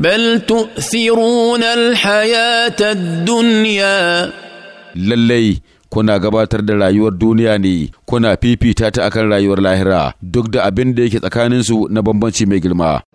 بل تؤثرون الحياة الدنيا للي kuna gabatar da rayuwar duniya ne kuna fifita ta akan rayuwar lahira duk da abin da yake tsakaninsu na bambanci mai girma